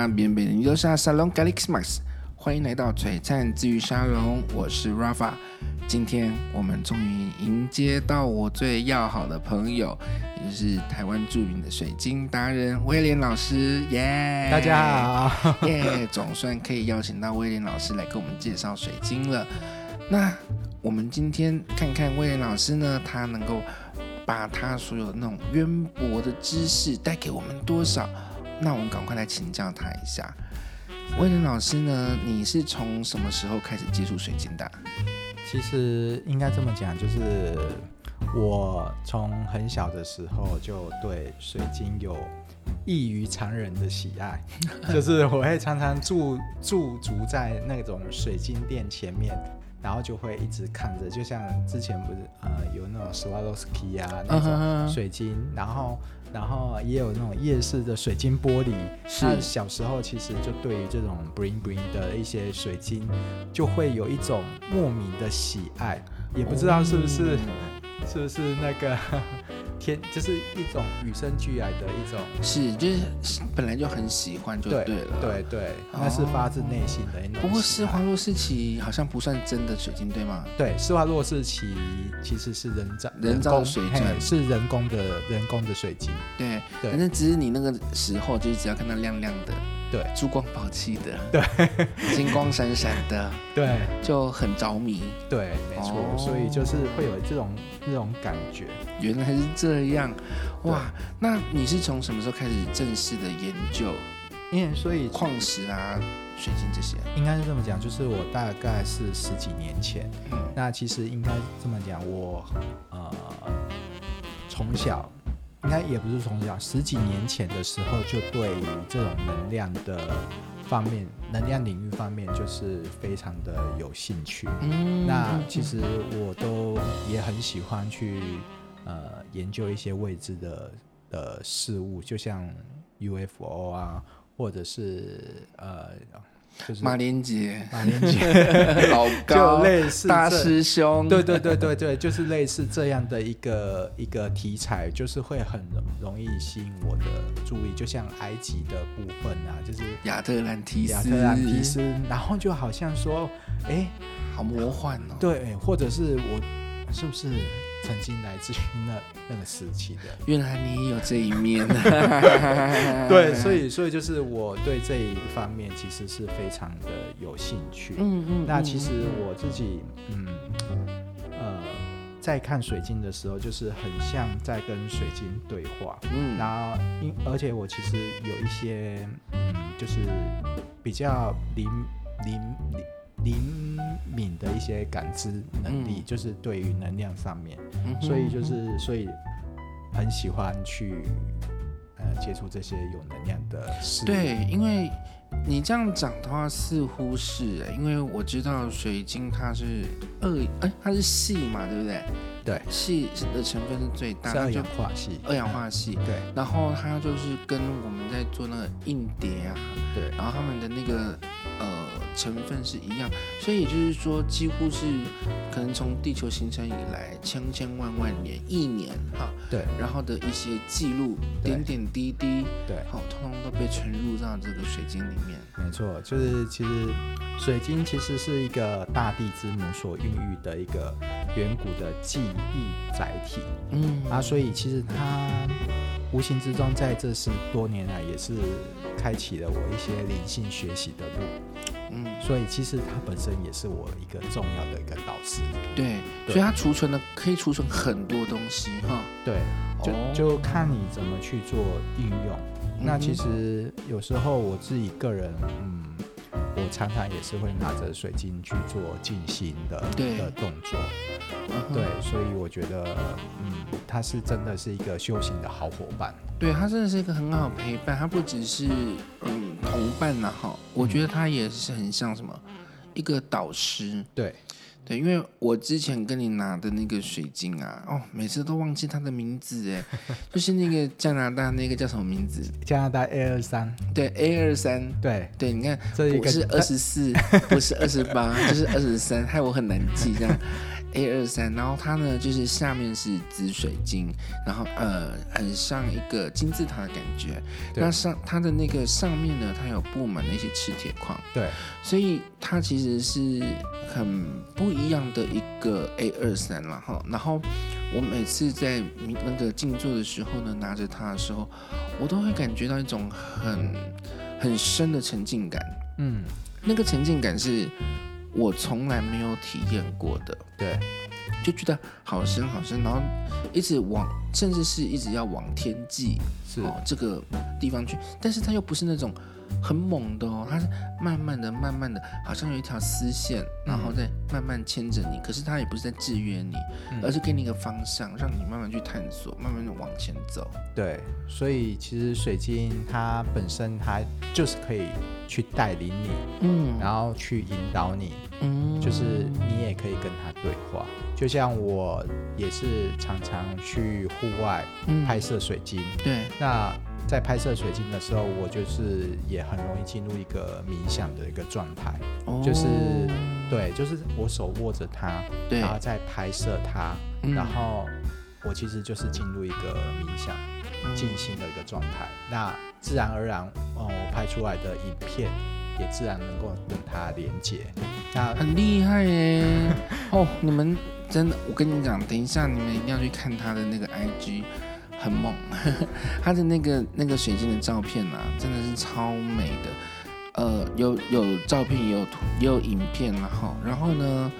那邊邊就是、啊、沙龍 karisMax，歡迎來到璀璨自遇沙龍，我是 Rafa，今天我們終於迎接到我最要好的朋友，也就是台灣著名的水晶達人威廉老師，耶、yeah!！大家好，耶 ！Yeah, 總算可以邀請到威廉老師來給我們介紹水晶了。那我們今天看看威廉老師呢，他能夠把他所有那種淵博的知識帶給我們多少？那我們趕快來請教他一下，Willen 老師呢？你是從什麼時候開始接觸水晶的？其實應該這麼講，就是我從很小的時候就對水晶有異於常人的喜愛， 就是我會常常駐駐足在那種水晶店前面，然後就會一直看着就像之前不是呃有那種 Swarovski 啊那種水晶，嗯嗯嗯嗯，然後。然後也有那種夜市的水晶玻璃，是小時候其實就對於這種 bling bling 的一些水晶，就會有一種莫名的喜愛，也不知道是不是，哦、是不是那個呵呵。天就是一種與生俱來的一種，是就是本來就很喜歡就對了，對對，那是發自內心的一種，哦。不過施華洛世奇好像不算真的水晶，對嗎？對，施華洛世奇其實是人造人，人造水晶，是人工的人工的水晶。對，對，反正只是你那個時候，就是只要看到亮亮的。對，珠光寶氣的，對， 金光閃閃的，對，就很着迷，對，沒錯，oh, 所以就是會有這種那、嗯、種感覺。原來是這樣，對哇，那你是從什麼時候開始正式的研究？因為、yeah, 所以礦石啊、水晶這些，應該是這麼講，就是我大概是十幾年前。嗯，那其實應該這麼講，我呃，從小。應該也不是從小，十幾年前的時候就對於這種能量的方面、能量領域方面就是非常的有興趣。嗯、那其實我都也很喜歡去呃研究一些未知的呃事物，就像 UFO 啊，或者是呃。就是馬連杰，馬連杰老高，就類似大師兄，對對對對對，就是類似這樣的一個 一個題材，就是會很容容易吸引我的注意，就像埃及的部分啊，就是亞特蘭提斯，亞特蘭提斯，然後就好像說，哎、欸，好魔幻哦，對，或者是我，是不是？曾經來自於那個、那個時期的，原來你也有這一面， 對，所以所以就是我對這一方面其實是非常的有興趣，嗯嗯，嗯那其實我自己，嗯，嗯，嗯呃，在看水晶的時候，就是很像在跟水晶對話，嗯，然後因而且我其實有一些，嗯，就是比較靈靈靈。靈敏的一些感知能力，嗯、就是對於能量上面，嗯、哼所以就是所以很喜歡去呃接觸這些有能量的事。對，因為你這樣講的話，似乎是、欸，因為我知道水晶它是二，哎、欸，它是矽嘛，對不對？對，矽的成分是最大，是二氧化矽，二氧化矽、嗯，對。然後它就是跟我們在做那個硬碟啊，對，然後他們的那個。呃，成分是一樣，所以也就是說，幾乎是可能從地球形成以來，千千萬萬年，嗯、一年哈，啊、對，然後的一些記錄，對點點滴滴，對，好、哦，通通都被存入到這個水晶裡面。沒錯，就是其實水晶其實是一個大地之母所孕育的一個遠古的記憶載體，嗯啊，所以其實它。無形之中，在這十多年來也是開啟了我一些靈性學習的路，嗯，所以其實它本身也是我一個重要的一個導師，對，對，所以它儲存的，可以儲存很多東西哈，對，嗯、對、就、哦、就看你怎麼去做應用。嗯、那其實有時候我自己個人，嗯。我常常也是會拿着水晶去做靜心的一個對動作，uh huh、對，所以我覺得，嗯，他是真的是一個修行的好伙伴。對，他真的是一個很好陪伴，對他不只是嗯同伴啊，我覺得他也是很像什麼一個導師。對。對，因為我之前跟你拿的那個水晶啊，哦，每次都忘記它的名字誒，就是那個加拿大那個叫什麼名字？加拿大 A 二三。對，A 二三。對，對,對，你看，我是二十四，我是二十八，就是二十三，害我很難記，這樣。 A 二三，然後它呢，就是下面是紫水晶，然後呃，很像一個金字塔的感覺。對那上它的那個上面呢，它有布滿那些磁鐵礦。對，所以它其實是很不一樣的一個 A 二三了哈。然後我每次在那個靜坐的時候呢，拿着它的時候，我都會感覺到一種很很深的沉浸感。嗯，那個沉浸感是。我從來沒有體驗過的，對，就覺得好深好深，然後一直往，甚至是一直要往天際是、哦、這個地方去，但是它又不是那種。很猛的哦，它是慢慢的、慢慢的，好像有一條絲線，然後在慢慢牽着你。嗯、可是它也不是在制約你，嗯、而是給你一個方向，讓你慢慢去探索，慢慢的往前走。對，所以其實水晶它本身它就是可以去帶領你，嗯，然後去引導你，嗯，就是你也可以跟它對話。就像我也是常常去戶外拍攝水晶，嗯、對，那。在拍攝水晶的時候，我就是也很容易進入一個冥想的一個狀態，哦、就是對，就是我手握着它，對，然後再拍攝它，嗯、然後我其實就是進入一個冥想、靜心的一個狀態，嗯、那自然而然，哦，我拍出來的影片也自然能夠跟它連接，那很厲害耶、欸！ 哦，你們真的，我跟你講，等一下你們一定要去看他的那個 IG。很猛，呵呵，他的那個那個水晶的照片啊，真的是超美的。呃，有有照片，也有圖，也有影片啊，吼。然後，然後呢，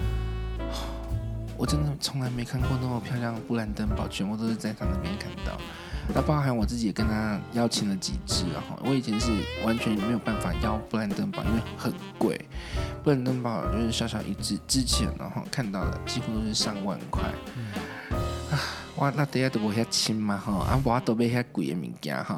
我真的從來沒看過那麼漂亮的布蘭登堡，全部都是在他那邊看到。那包含我自己也跟他邀請了幾隻啊，吼，然後我以前是完全沒有辦法邀布蘭登堡，因為很貴。布蘭登堡就是小小一隻，之前然後看到的幾乎都是上萬塊。嗯我那底下都無遐輕嘛，哈，啊，我都買遐貴的物件哈，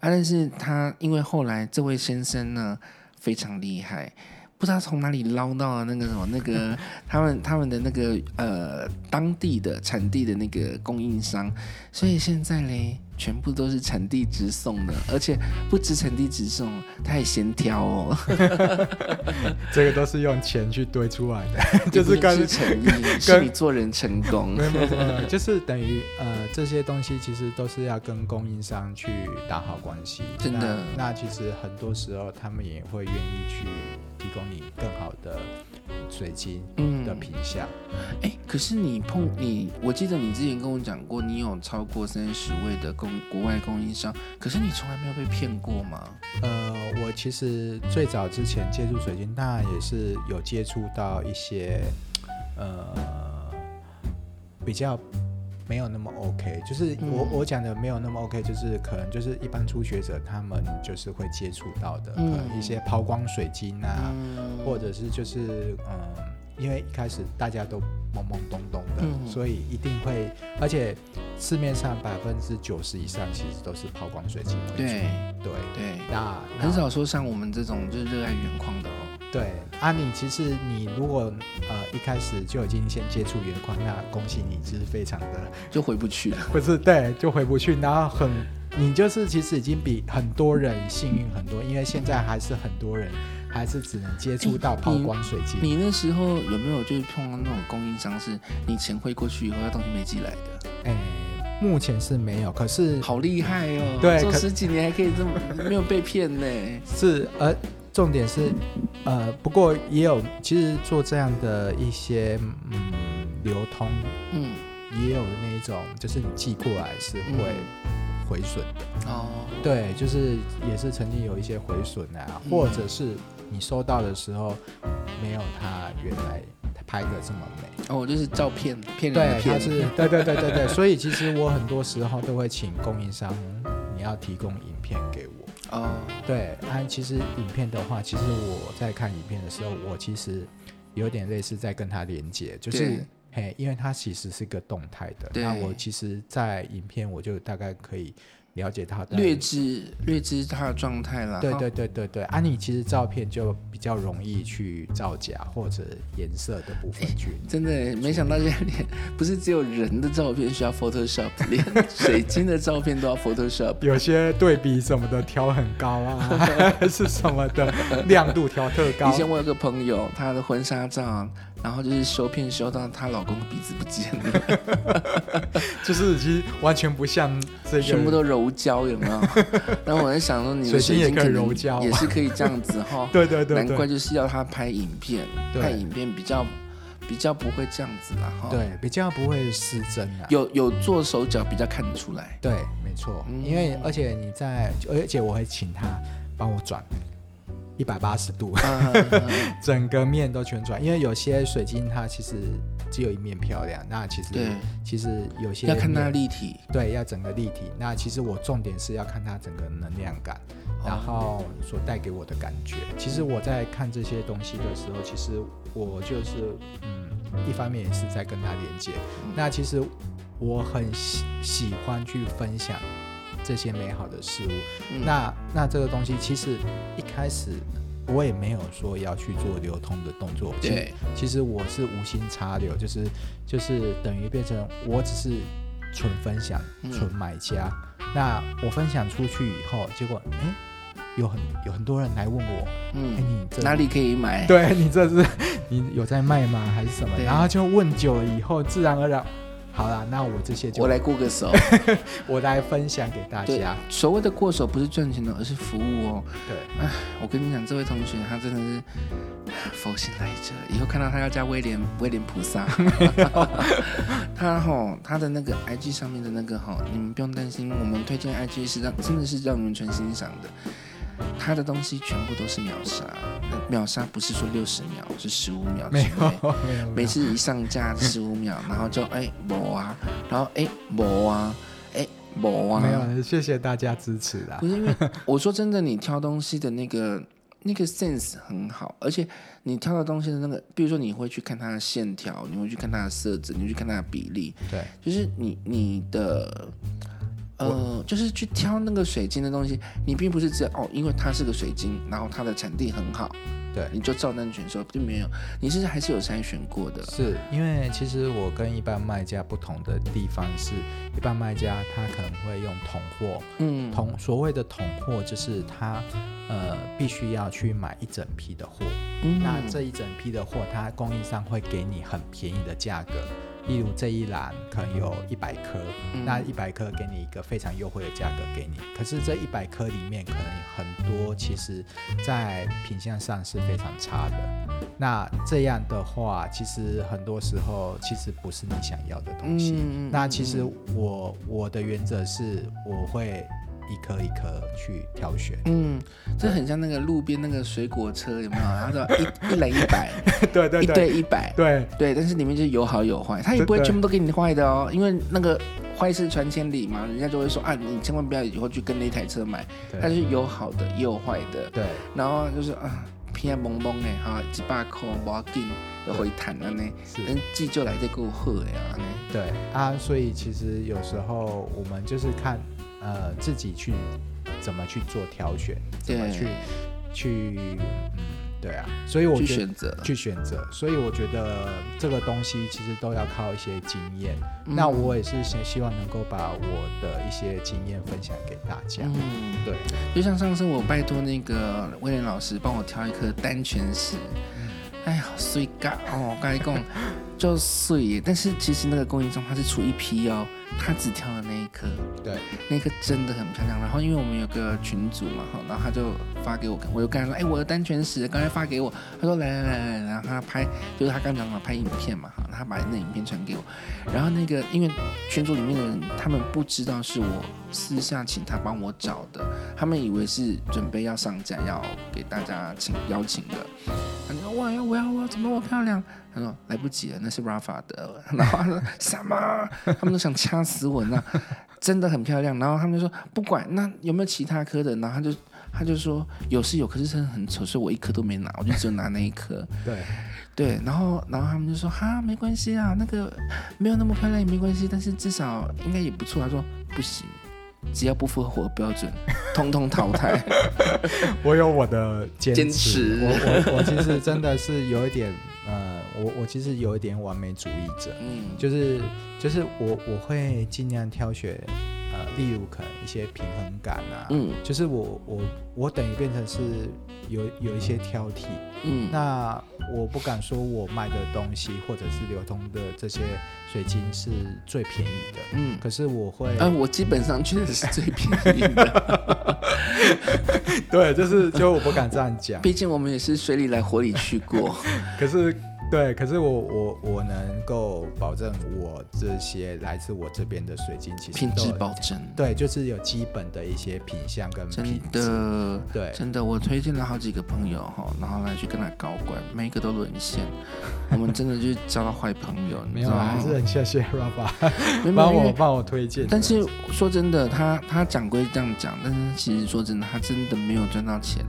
啊，但是他因為後來這位先生呢，非常厲害，不知道從哪裡撈到了那個什麼那個他們 他們的那個呃，當地的產地的那個供應商，所以現在嘞。嗯全部都是產地直送的，而且不止產地直送，他還先挑哦。 這個都是用錢去堆出來的， 就是跟誠意，跟是你做人成功。呃、就是等於呃，這些東西其實都是要跟供應商去打好關係，真的。那，那其實很多時候他們也會願意去。提供你更好的水晶的品相。嗯嗯欸，可是你碰你，我記得你之前跟我講過，你有超過三十位的供國外供應商，可是你從來沒有被騙過嗎？呃，我其實最早之前接觸水晶，那也是有接觸到一些呃比較。沒有那麼 OK，就是我我講的沒有那麼 OK，就是可能就是一般初學者他們就是會接觸到的，嗯，可能一些拋光水晶啊，嗯，或者是就是嗯，因為一開始大家都懵懵懂懂的，嗯，所以一定會，而且市面上百分之九十以上其實都是拋光水晶，對對對，那很少那說像我們這種就是熱愛原礦的。對，阿、啊、你其實你如果呃一開始就已經先接觸原礦，那恭喜你，就是非常的就回不去了， 不是？對，就回不去。然後很，你就是其實已經比很多人幸運很多，因為現在還是很多人還是只能接觸到拋光水晶，欸。你那時候有沒有就是碰到那種供應商，是你錢匯過去以後，那東西沒寄來的？哎、欸，目前是沒有。可是好厲害哦，對，做十幾年還可以這麼 沒有被騙呢？是，而、呃。重點是，呃，不過也有，其實做這樣的一些，嗯，流通，嗯，也有那一種，就是你寄過來是會毀損的，哦、嗯，對，就是也是曾經有一些毀損啊，嗯、或者是你收到的時候沒有它原來他拍的這麼美，哦，就是照片騙人，嗯、對，它是，對對對對對， 所以其實我很多時候都會請供應商，你要提供影片給我。.哦，oh. 對，安、啊、其實影片的話，其實我在看影片的時候，我其實有點類似在跟他連接，就是對嘿，因為他其實是個動態的，對那我其實，在影片我就大概可以了解他的，略知略知他的狀態啦。對對對對對，安妮、哦啊、其實照片就。比較容易去造假或者顏色的部分去，欸，真的，欸、沒想到，現在連不是只有人的照片需要 Photoshop， 連水晶的照片都要 Photoshop，有些對比什麼的調很高啊， 是什麼的 亮度調特高。以前我有個朋友，他的婚紗照。然後就是修片修到她老公的鼻子不見了， 就是已經完全不像這個，全部都柔焦有沒有？然後 我在想說，你的水晶柔焦也是可以這樣子哈， 對對對，對，難怪就是要他拍影片，對拍影片比較對比較不會這樣子啦哈，對，比較不會失真啦，有有做手腳比較看得出來，對，沒錯，嗯、因為而且你在，而且我還請他幫我轉。一百八十度、嗯， 整個面都旋轉。因為有些水晶它其實只有一面漂亮，那其實對其實有些要看它立體。對，要整個立體。那其實我重點是要看它整個能量感，哦、然後所帶給我的感覺。對其實我在看這些東西的時候，其實我就是嗯，一方面也是在跟它連接。嗯、那其實我很喜喜歡去分享。這些美好的事物，嗯、那那這個東西其實一開始我也沒有說要去做流通的動作，對，其實我是無心插柳，就是就是等於變成我只是純分享、純、嗯、買家。那我分享出去以後，結果、欸、有很有很多人來問我，哎，你這哪裡可以買？對，你這是你有在賣嗎？還是什麼？對然後就問久了以後，自然而然。好啦，那我這些就我來過個手， 我來分享給大家。所謂的過手不是賺錢的，而是服務哦。對，哎，我跟你講，這位同學他真的是佛心來着，以後看到他要叫威廉威廉菩薩。他吼他的那個 IG 上面的那個吼，你們不用擔心，我們推薦 IG 是讓真的是讓你們全欣賞的。他的東西全部都是秒殺，秒殺不是說六十秒，是十五秒沒。沒有，每次一上架十五秒，然後就哎某、欸、啊，然後哎某、欸、啊，哎、欸、某啊。沒有，謝謝大家支持啦。不是因為我說真的，你挑東西的那個那個 sense 很好，而且你挑的東西的那個，比如說你會去看它的線條，你會去看它的色澤，你會去看它的比例。對，就是你你的。我呃，就是去挑那個水晶的東西，你並不是知道哦，因為它是個水晶，然後它的產地很好，對，你就照單全收並沒有，你是不是還是有篩選過的？是因為其實我跟一般賣家不同的地方是，一般賣家他可能會用統貨，嗯，統所謂的統貨就是他呃必須要去買一整批的貨，嗯、那這一整批的貨，它供應商會給你很便宜的價格。例如這一籃可能有一百顆，嗯、那一百顆給你一個非常優惠的價格給你，可是這一百顆裡面可能很多其實，在品相上是非常差的。那這樣的話，其實很多時候其實不是你想要的東西。嗯、那其實我我的原則是，我會。一顆一顆去挑選，嗯，這很像那個路邊那個水果車，有沒有？然後說一一人一百，對對對，一對一百，對對。但是裡面就有好有壞，他也不會全部都給你壞的哦，因為那個壞事傳千里嘛，人家就會說啊，你千萬不要以後去跟那台車買，他是有好的也有壞的，對。然後就是啊，皮下懵懵哎，好幾百塊，我勁都回彈了呢，等寄就來再過戶哎，對啊。所以其實有時候我們就是看。呃，自己去，呃、怎麼去做挑選，怎麼去對去，嗯，對啊，所以我去選擇，去選擇，所以我覺得這個東西其實都要靠一些經驗。嗯、那我也是希希望能夠把我的一些經驗分享給大家。嗯，對。就像上次我拜托那個威廉老師幫我挑一顆丹泉石，哎呀碎噶哦，剛才講就碎， 但是其實那個供應商他是出一批哦。他只挑了那一顆，對，那顆真的很漂亮。然後因為我們有個群組嘛，好，然後他就發給我看，我就跟他說：“哎、欸，我的單全史，剛才發給我。”他說：“來來來來，然後他拍，就是他剛剛拍影片嘛，哈，他把那影片傳給我。然後那個，因為群組裡面的人他們不知道是我私下請他幫我找的，他們以為是準備要上架要給大家請邀請的，他就說：‘哇我要，我要，我要，怎麼那麼漂亮？’他說：‘來不及了，那是 Rafa 的。’然後他說：‘ 什麼？’他們都想掐。斯文啊，真的很漂亮。 然後他們就說，不管那有沒有其他顆的然後他就他就說有是有，可是真的很醜，所以我一顆都沒拿，我就只有拿那一顆。對對，然後然後他們就說哈沒關係啊，那個沒有那麼漂亮也沒關係，但是至少應該也不錯。他說不行。只要不符合我的標準，通通淘汰。 我有我的堅持。堅持我我我其實真的是有一點， 呃，我我其實有一點完美主義者。嗯，就是，就是就是我我會盡量挑選，呃，例如可能一些平衡感啊。嗯，就是我我我等於變成是。有有一些挑剔，嗯，那我不敢說我賣的東西或者是流通的這些水晶是最便宜的，嗯，可是我會，嗯、啊，我基本上確實是最便宜的， 對，就是，就我不敢這樣講，畢竟我們也是水裡來火裡去過， 可是。對，可是我我我能夠保證我這些來自我這邊的水晶，其實品質保證，對，就是有基本的一些品相跟品質真的，對，真的，我推薦了好幾個朋友哈，然後來去跟他搞關，每一個都淪陷，嗯、我們真的就交到壞朋友， 沒有，還是很謝謝 Rafa，幫我幫我推薦，但是說真的，他他講歸這樣講，但是其實說真的，他真的沒有賺到錢，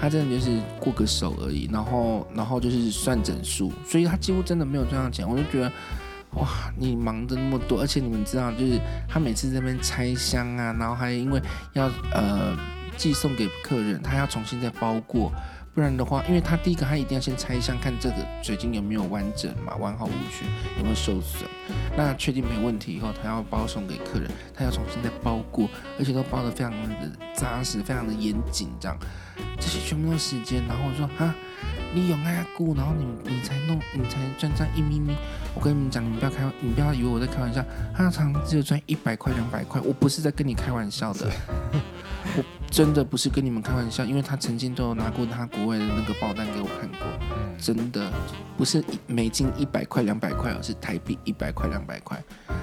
他真的就是過個手而已，然後然後就是算整數。所以他幾乎真的沒有賺到錢，我就覺得，哇，你忙的那麼多，而且你們知道，就是他每次在那邊拆箱啊，然後還因為要呃寄送給客人，他要重新再包過，不然的話，因為他第一個他一定要先拆箱看這個水晶有沒有完整嘛，完好無缺，有沒有受損，那確定沒問題以後，他要包送給客人，他要重新再包過，而且都包得非常的紮實，非常的嚴謹，這樣，這些全部都是時間，然後我說啊。你用阿姑，然後你你才弄，你才賺賺一咪咪。我跟你們講，你們不要開，你們不要以為我在開玩笑。他常只有賺一百塊、兩百塊，我不是在跟你開玩笑的。對 我真的不是跟你們開玩笑，因為他曾經都有拿過他國外的那個報單給我看過，真的不是美金一百塊兩百塊，而是台幣一百塊兩百塊，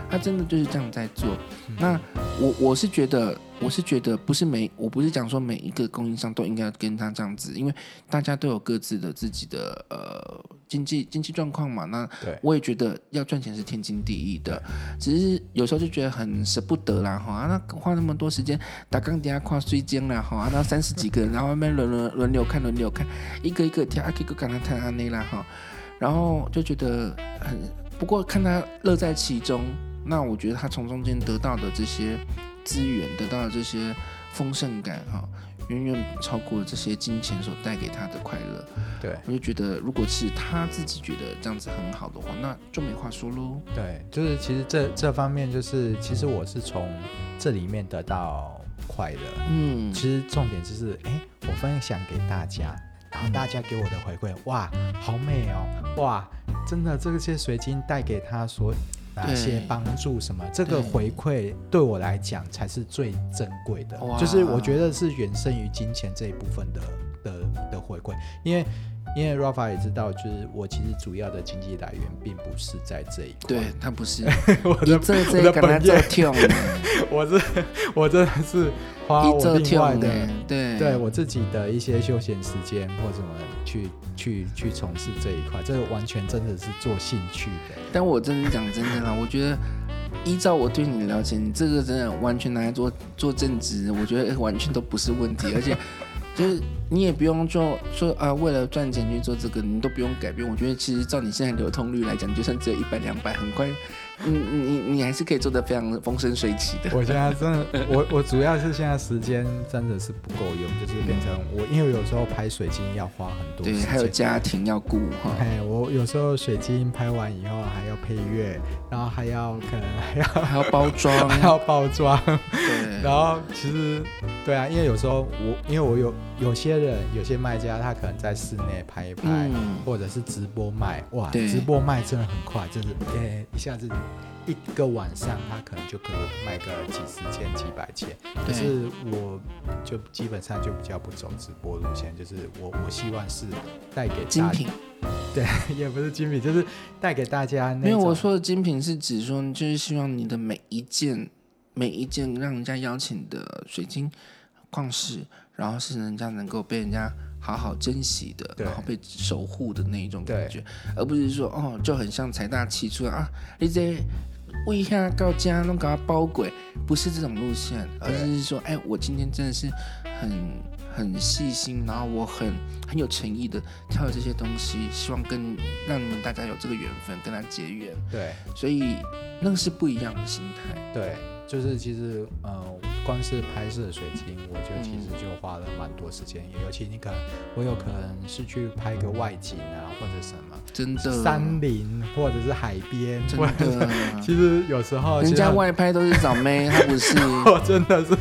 他真的就是這樣在做。那我我是覺得，我是覺得不是每我不是講說每一個供應商都應該跟他這樣子，因為大家都有各自的自己的呃。經濟經濟狀況嘛，那我也覺得要賺錢是天經地義的，對只是有時候就覺得很捨不得啦哈、啊，那花那麼多時間打鋼釘啊、跨水晶啦哈，那三十幾個，人， 然後慢慢輪輪輪流看、輪流看，一個一個聽，阿個哥個跟他談啊啦哈，然後就覺得很，不過看他樂在其中，那我覺得他從中間得到的這些資源，得到的這些豐盛感哈。哦遠遠超過這些金錢所帶給他的快樂。對，我就覺得，如果是他自己覺得這樣子很好的話，那就沒話說嘍。對，就是其實這這方面，就是其實我是從這裡面得到快樂。嗯，其實重點就是、欸，我分享給大家，然後大家給我的回饋，嗯、哇，好美哦，哇，真的，這個這些水晶帶給他所。哪些幫助什麼？嗯、這個回饋對我來講才是最珍貴的，哇就是我覺得是遠勝於金錢這一部分的的的回饋，因為。因為 Rafa 也知道，就是我其實主要的經濟來源並不是在這一塊。對他不是，你 的這這幹嘛在跳？我是我真的是花我另外的，欸、對對我自己的一些休閒時間或什麼去去去從事這一塊，這個、完全真的是做興趣的。但我真的講真的啦，我覺得依照我對你的了解，你這個真的完全拿來做做正職，我覺得完全都不是問題， 而且。就是你也不用做說啊，為了賺錢去做這個，你都不用改變。我覺得其實照你現在流通率來講，就算只有一百兩百，很快。嗯、你你你還是可以做的非常風生水起的。我現在真的，我我主要是現在時間真的是不夠用，就是變成我，嗯、因為有時候拍水晶要花很多，對，還有家庭要顧哈。哎，我有時候水晶拍完以後還要配樂，然後還要可能還要還要包裝，還要包裝。對，然後其實對啊，因為有時候我因為我有。有些人，有些賣家，他可能在室內拍一拍，嗯、或者是直播賣，哇，對直播賣真的很快，就是、欸、一下子一個晚上，他可能就可能賣個幾十件、幾百件。對可是我，就基本上就比較不走直播路線，就是我我希望是帶給大家精品，對，也不是精品，就是帶給大家那。因為我說的精品是指說，就是希望你的每一件每一件讓人家邀請的水晶礦石，然後是人家能夠被人家好好珍惜的，對然後被守護的那一種感覺，對而不是說哦，就很像財大氣粗啊，你我一下高價，弄個包鬼，不是這種路線，而是說對哎，我今天真的是很很細心，然後我很很有誠意的挑了這些東西，希望跟讓你們大家有這個緣分跟他結緣，對，所以那個是不一樣的心態，對。就是其實，呃，光是拍攝水晶，我覺得其實就花了蠻多時間。尤其你可能，我有可能是去拍個外景啊，或者什麼，真的，山林或者是海邊，真的、啊或者。其實有時候，人家外拍都是找妹，他不是，我 真的是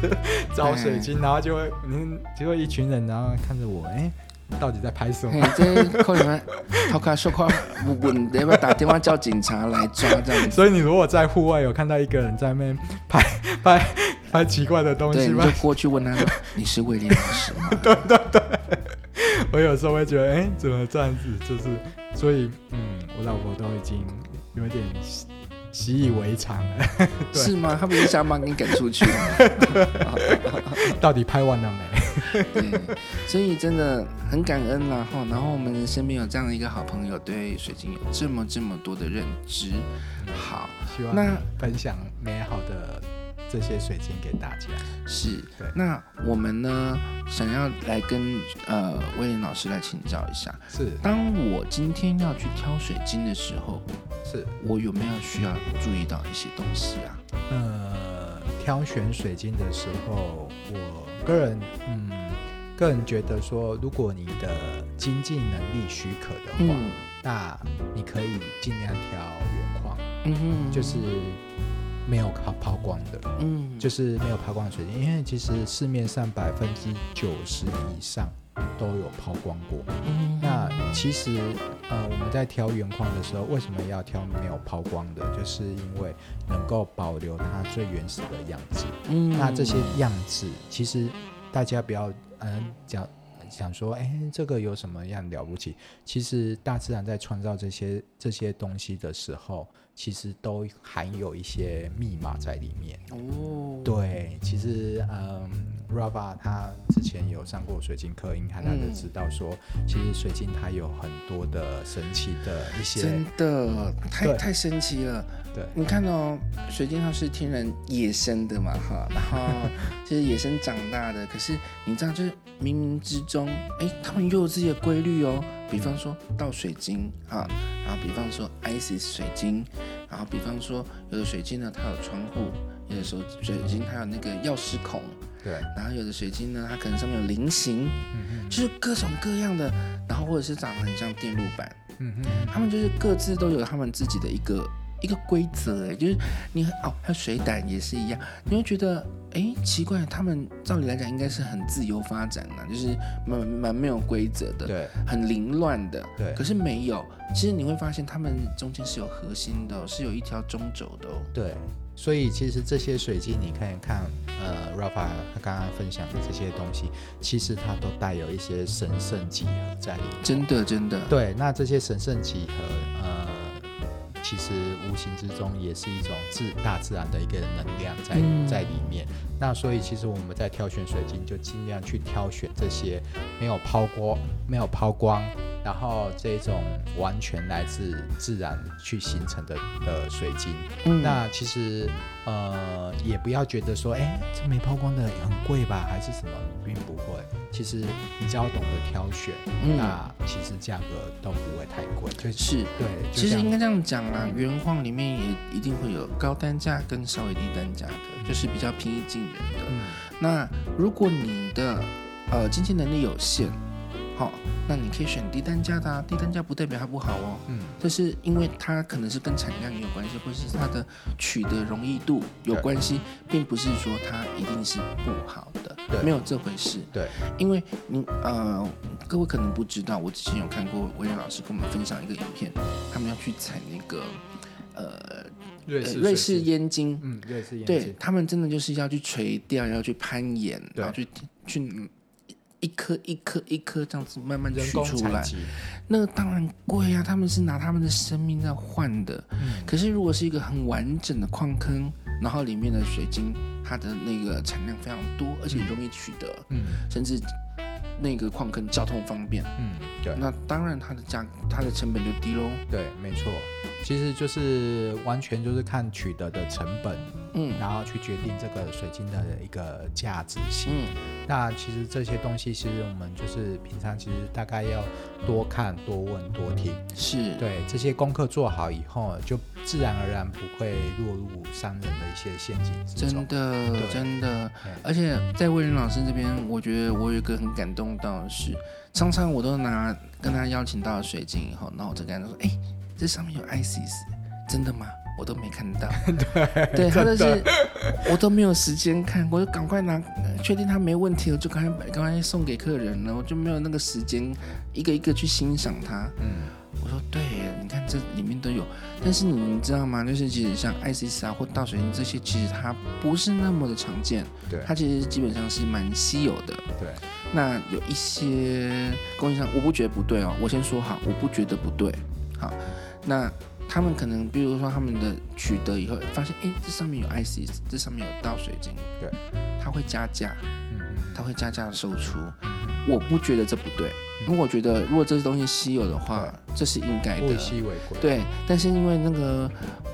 找水晶，然後就會，嗯對，就會一群人，然後看着我，哎、欸。到底在拍什麼？這可能偷看小怪，如打電話叫警察來抓這樣。所以你如果在戶外有看到一個人在那邊拍、拍、拍奇怪的東西，對，你就過去問他， 你是威廉老師嗎？對對對，我有時候會覺得，哎、欸，怎麼這樣子？就是所以，嗯，我老婆都已經有點。習以為常，是嗎？他不是想把你趕出去嗎？ 到底拍完了沒？對，所以真的很感恩，然後，然後我們身邊有這樣的一個好朋友，對水晶有這麼這麼多的認知。好，那、嗯、分享美好的這些水晶給大家。是，對。那我們呢，想要來跟呃威廉老師來請教一下，是，當我今天要去挑水晶的時候。是，我有沒有需要注意到一些東西啊？呃、嗯，挑選水晶的時候，我個人，嗯，個人覺得說，如果你的經濟能力許可的話，嗯、那你可以盡量挑原礦，嗯嗯，就是沒有拋拋光的，嗯，就是沒有拋光的水晶，因為其實市面上百分之九十以上。都有拋光過，嗯、那其實呃我們在挑原礦的時候，為什麼要挑沒有拋光的？就是因為能夠保留它最原始的樣子。那、嗯、這些樣子，嗯、其實大家不要嗯講想，想說，哎、欸，這個有什麼樣了不起？其實大自然在創造這些這些東西的時候，其實都含有一些密碼在裡面哦。對，其實嗯，Rafa 他之前有上過水晶課，應該大家都知道說，其實水晶它有很多的神奇的一些，真的、嗯、太對太神奇了。對，你看哦，嗯、水晶它是天然野生的嘛，哈，然後其實野生長大的。 可是你知道，就是冥冥之中，哎，他們又有自己的規律哦。比方說倒水晶啊，然後比方說 ISIS 水晶，然後比方說有的水晶呢，它有窗戶，有的時候水晶它有那個鑰匙孔，對，然後有的水晶呢，它可能上面有菱形，就是各種各樣的，然後或者是長得很像電路板，嗯，他們就是各自都有他們自己的一個。一個規則哎，就是你看哦，還有水膽也是一樣，你會覺得哎、欸、奇怪，他們照理來講應該是很自由發展的、啊、就是蠻蠻沒有規則的，對，很凌亂的，對，可是沒有，其實你會發現他們中間是有核心的、哦，是有一條中軸的、哦，對，所以其實這些水晶，你看一看，呃，Rafa 他剛剛分享的這些東西，其實它都帶有一些神聖幾何在裡面，真的真的，真的對，那這些神聖幾何，呃。其實無形之中也是一種自大自然的一個能量在在裡面，那所以其實我們在挑選水晶就盡量去挑選這些沒有拋光、沒有拋光。然後這種完全來自自然去形成的的水晶，嗯、那其實呃也不要覺得說，哎，這沒拋光的很貴吧，還是什麼，並不會。其實你只要懂得挑選，嗯、那其實價格都不會太貴。是對，其實應該這樣講啊：原礦裡面也一定會有高單價跟稍微低單價的，就是比較平易近人的。嗯、那如果你的呃經濟能力有限，好、哦，那你可以選低單價的啊，低單價不代表它不好哦。嗯，這是因為它可能是跟產量也有關係，嗯、或者是它的取得容易度有關係，對並不是說它一定是不好的，對沒有這回事。對，因為你呃，各位可能不知道，我之前有看過威廉老師跟我們分享一個影片，他們要去採那個呃，瑞士瑞士煙晶，嗯，瑞士煙晶，對他們真的就是要去垂吊，要去攀岩，然後去對去。一顆一顆一顆這樣子慢慢取出來，那個當然貴啊！他們是拿他們的生命在換的。嗯，可是如果是一個很完整的礦坑，然後裡面的水晶它的那個產量非常多，而且容易取得，嗯，甚至那個礦坑交通方便，嗯，對，那當然它的價它的成本就低嘍。對，沒錯。其實就是完全就是看取得的成本，嗯，然後去決定這個水晶的一個價值性。嗯，那其實這些東西，其實我們就是平常其實大概要多看、多問、多聽，是對這些功課做好以後，就自然而然不會落入商人的一些陷阱之中。真的，對真的。對而且在 Willen 老師這邊，我覺得我有一個很感動到的是，常常我都拿跟他邀請到了水晶以後，嗯、然後我就跟他說，哎。這上面有 ISIS、IS, 真的嗎？我都沒看到。 對，對他的就是，我都沒有時間看，我就趕快拿，呃、確定他沒問題了，我就趕快把，趕快送給客人了。我就沒有那個時間，一個一個去欣賞它。嗯，我說對，你看這裡面都有。但是你們知道嗎？就是其實像 ISIS IS 啊或倒水晶這些，其實它不是那麼的常見。對，它其實基本上是蠻稀有的。對，對那有一些供應商，我不覺得不對哦。我先說好，嗯、我不覺得不對。好。那他們可能，比如說他們的取得以後，發現，哎，這上面有 IC，這上面有倒水晶，對，他會加價，嗯，他會加價售出。我不覺得這不對，因為我覺得如果這些東西稀有的話，這是應該的。物以稀為貴。對，但是因為那個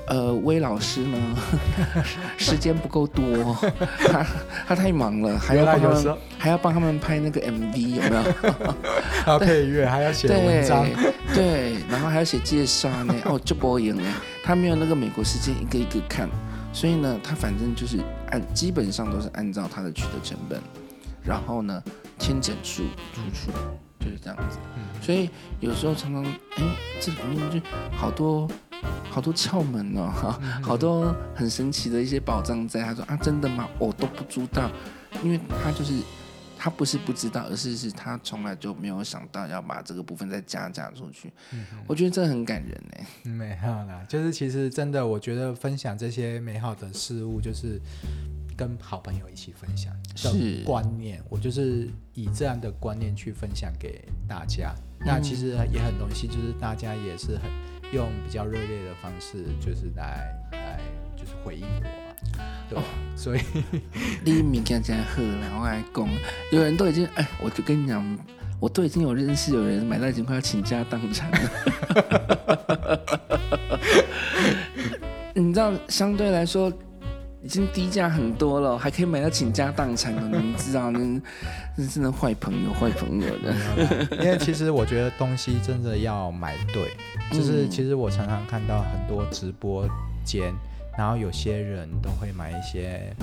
呃，威老師呢，時間不夠多，他他太忙了，還要幫還要幫他們拍那個 MV 有沒有？還要配樂，還要寫文章，對，然後還要寫介紹呢。哦，這波贏了，他沒有那個美國時間一個一個看，所以呢，他反正就是按基本上都是按照他的取得成本，然後呢。天整數出去就是這樣子，嗯、所以有時候常常哎、欸，這裡面就好多好多竅門哦，好多很神奇的一些寶藏在。他說啊，真的嗎？我、哦、都不知道，因為他就是他不是不知道，而是是他從來就沒有想到要把這個部分再加加出去。嗯嗯，我覺得這很感人呢。沒有啦，就是其實真的，我覺得分享這些美好的事物就是。跟好朋友一起分享，是觀念。是我就是以這樣的觀念去分享給大家。嗯、那其實也很榮幸，就是大家也是很用比較熱烈的方式，就是來、嗯、來就是回應我。對、啊、哦、所以第一名跟大家喝，然後還講 有人都已經哎，我就跟你講，我都已經有認識有人買到已經快要傾家蕩產了。 你知道，相對來說。已經低價很多了，還可以買到傾家蕩產的，你知道嗎？那、就是就是、真的壞朋友，壞朋友的、嗯。因為其實我覺得東西真的要買對，就是其實我常常看到很多直播間，然後有些人都會買一些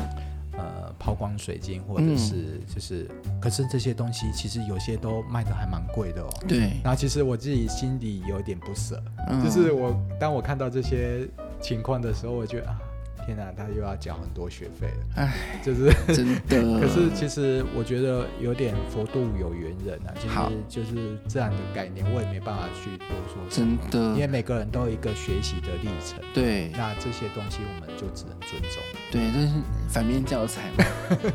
呃拋光水晶或者是就是，嗯、可是這些東西其實有些都賣得還蠻貴的哦。對。然後其實我自己心裡有點不捨，就是我、嗯、當我看到這些情況的時候，我覺得啊。天吶、啊，他又要交很多學費了，哎唉，就是真的。可是其實我覺得有點佛度有緣人啊，其、就、實、是、好就是這樣的概念，我也沒辦法去多說。真的，因為每個人都有一個學習的歷程。對，那這些東西我們就只能尊重。對，但是反面教材嘛，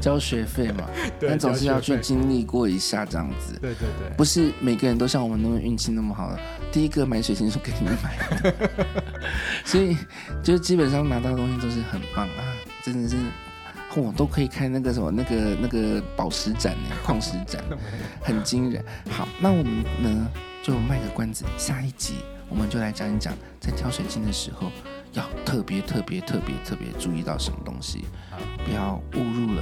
交學費嘛， 對但總是要去經歷過一下這樣子。對對對，不是每個人都像我們那麼運氣那麼好的，第一個買水晶是給你們買的。 所以，就基本上拿到的東西都是。很棒啊，真的是我都可以開那個什麼那個那個寶石展呢？礦石展， 很驚人。好，那我們呢就賣個關子，下一集我們就來講一講，在挑水晶的時候要特別特別特別特別注意到什麼東西，不要誤入了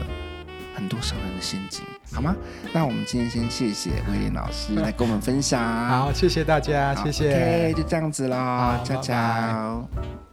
很多商人的陷阱，好嗎？那我們今天先謝謝威廉老師來跟我們分享， 好，謝謝大家，好謝謝 okay, 就這樣子啦。好，再炒 okay.